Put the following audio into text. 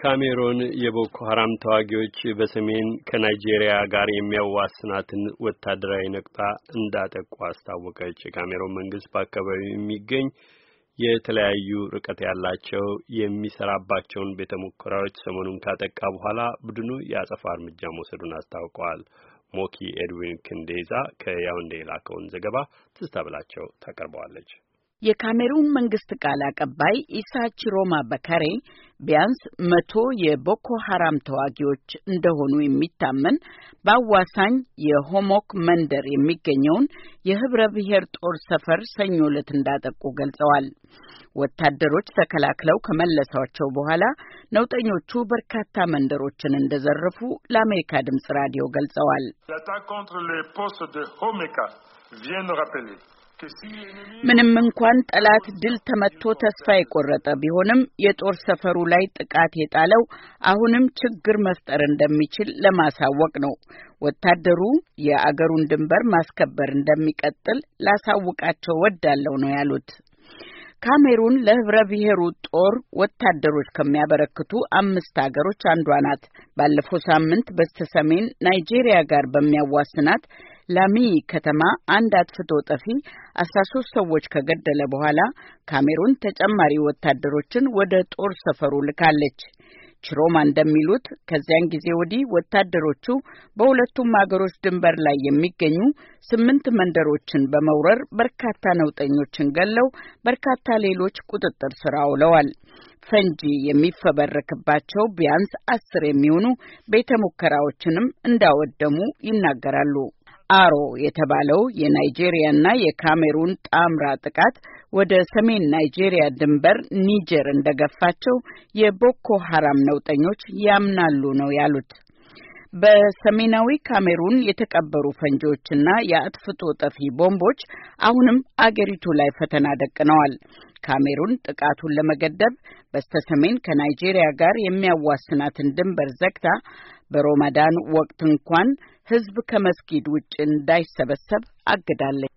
ካሜሮን የቦኮ ሀራም ተዋጊዎች በሰሜን ከናይጄሪያ ጋር የሚያዋስናትን ወታደራዊ ነቅጣ እንዳጠቁ አስታወቀች። የካሜሮን መንግስት በአካባቢው የሚገኝ የተለያዩ ርቀት ያላቸው የሚሰራባቸውን ቤተ ሙከራዎች ሰሞኑን ካጠቃ በኋላ ቡድኑ የአጸፋ እርምጃ መውሰዱን አስታውቀዋል። ሞኪ ኤድዊን ክንዴዛ ከያውንዴ የላከውን ዘገባ ትዝታ ብላቸው ታቀርበዋለች። የካሜሩን መንግስት ቃል አቀባይ ኢሳ ቺሮማ በከሬ ቢያንስ መቶ የቦኮ ሀራም ተዋጊዎች እንደሆኑ የሚታመን በአዋሳኝ የሆሞክ መንደር የሚገኘውን የህብረ ብሔር ጦር ሰፈር ሰኞ ዕለት እንዳጠቁ ገልጸዋል። ወታደሮች ተከላክለው ከመለሷቸው በኋላ ነውጠኞቹ በርካታ መንደሮችን እንደዘረፉ ለአሜሪካ ድምጽ ራዲዮ ገልጸዋል። ምንም እንኳን ጠላት ድል ተመቶ ተስፋ የቆረጠ ቢሆንም የጦር ሰፈሩ ላይ ጥቃት የጣለው አሁንም ችግር መፍጠር እንደሚችል ለማሳወቅ ነው። ወታደሩ የአገሩን ድንበር ማስከበር እንደሚቀጥል ላሳውቃቸው ወዳለው ነው ያሉት። ካሜሩን ለህብረ ብሔሩ ጦር ወታደሮች ከሚያበረክቱ አምስት አገሮች አንዷ ናት። ባለፈው ሳምንት በስተሰሜን ናይጄሪያ ጋር በሚያዋስናት ላሚ ከተማ አንድ አጥፍቶ ጠፊ አስራ ሶስት ሰዎች ከገደለ በኋላ ካሜሩን ተጨማሪ ወታደሮችን ወደ ጦር ሰፈሩ ልካለች። ችሮማ እንደሚሉት ከዚያን ጊዜ ወዲህ ወታደሮቹ በሁለቱም አገሮች ድንበር ላይ የሚገኙ ስምንት መንደሮችን በመውረር በርካታ ነውጠኞችን ገለው በርካታ ሌሎች ቁጥጥር ስር አውለዋል። ፈንጂ የሚፈበረክባቸው ቢያንስ አስር የሚሆኑ ቤተ ሙከራዎችንም እንዳወደሙ ይናገራሉ። አሮ የተባለው የናይጄሪያና የካሜሩን ጣምራ ጥቃት ወደ ሰሜን ናይጄሪያ ድንበር ኒጀር እንደገፋቸው የቦኮ ሀራም ነውጠኞች ያምናሉ ነው ያሉት። በሰሜናዊ ካሜሩን የተቀበሩ ፈንጂዎችና የአጥፍቶ ጠፊ ቦምቦች አሁንም አገሪቱ ላይ ፈተና ደቅነዋል። ካሜሩን ጥቃቱን ለመገደብ በስተሰሜን ከናይጄሪያ ጋር የሚያዋስናትን ድንበር ዘግታ በሮማዳን ወቅት እንኳን ሕዝብ ከመስጊድ ውጭ እንዳይሰበሰብ አግዳለች።